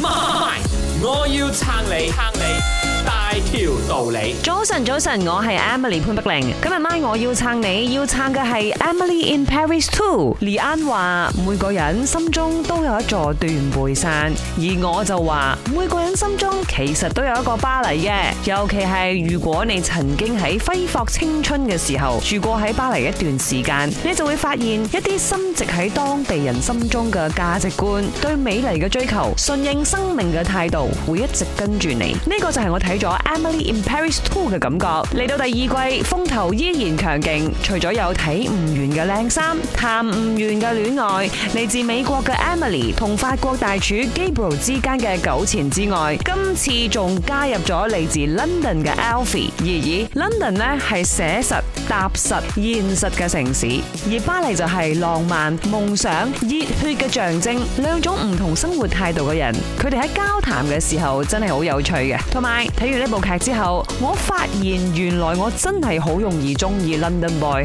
媽，我要撐你，撐你大條道理。早晨，早晨，我係 Emily 潘碧玲。今日晚我要撐你，要撐嘅係。Emily in Paris Two，李安話每個人心中都有一座斷背山，而我就話每個人心中其實都有一個巴黎嘅。尤其係如果你曾經喺揮霍青春嘅時候住過喺巴黎一段時間，你就會發現一啲深植喺當地人心中嘅價值觀、對美麗嘅追求、順應生命嘅態度會一直跟住你。呢個就係我睇咗 Emily in Paris Two 嘅感覺。嚟到第二季，風頭依然強勁，除咗有睇唔。完嘅靚衫，談唔完嘅戀愛，嚟自美國嘅 Emily 同法國大廚 Gabriel 之間嘅糾纏之外，今次仲加入咗嚟自 London 嘅 Alfie。而以 London 呢係寫實、踏實、現實嘅城市，而巴黎就係浪漫、夢想、熱血嘅象徵，兩種唔同生活態度嘅人，佢哋喺交談嘅時候真係好有趣嘅。同埋睇完呢部劇之後，我發現原來我真係好容易中意 London Boy。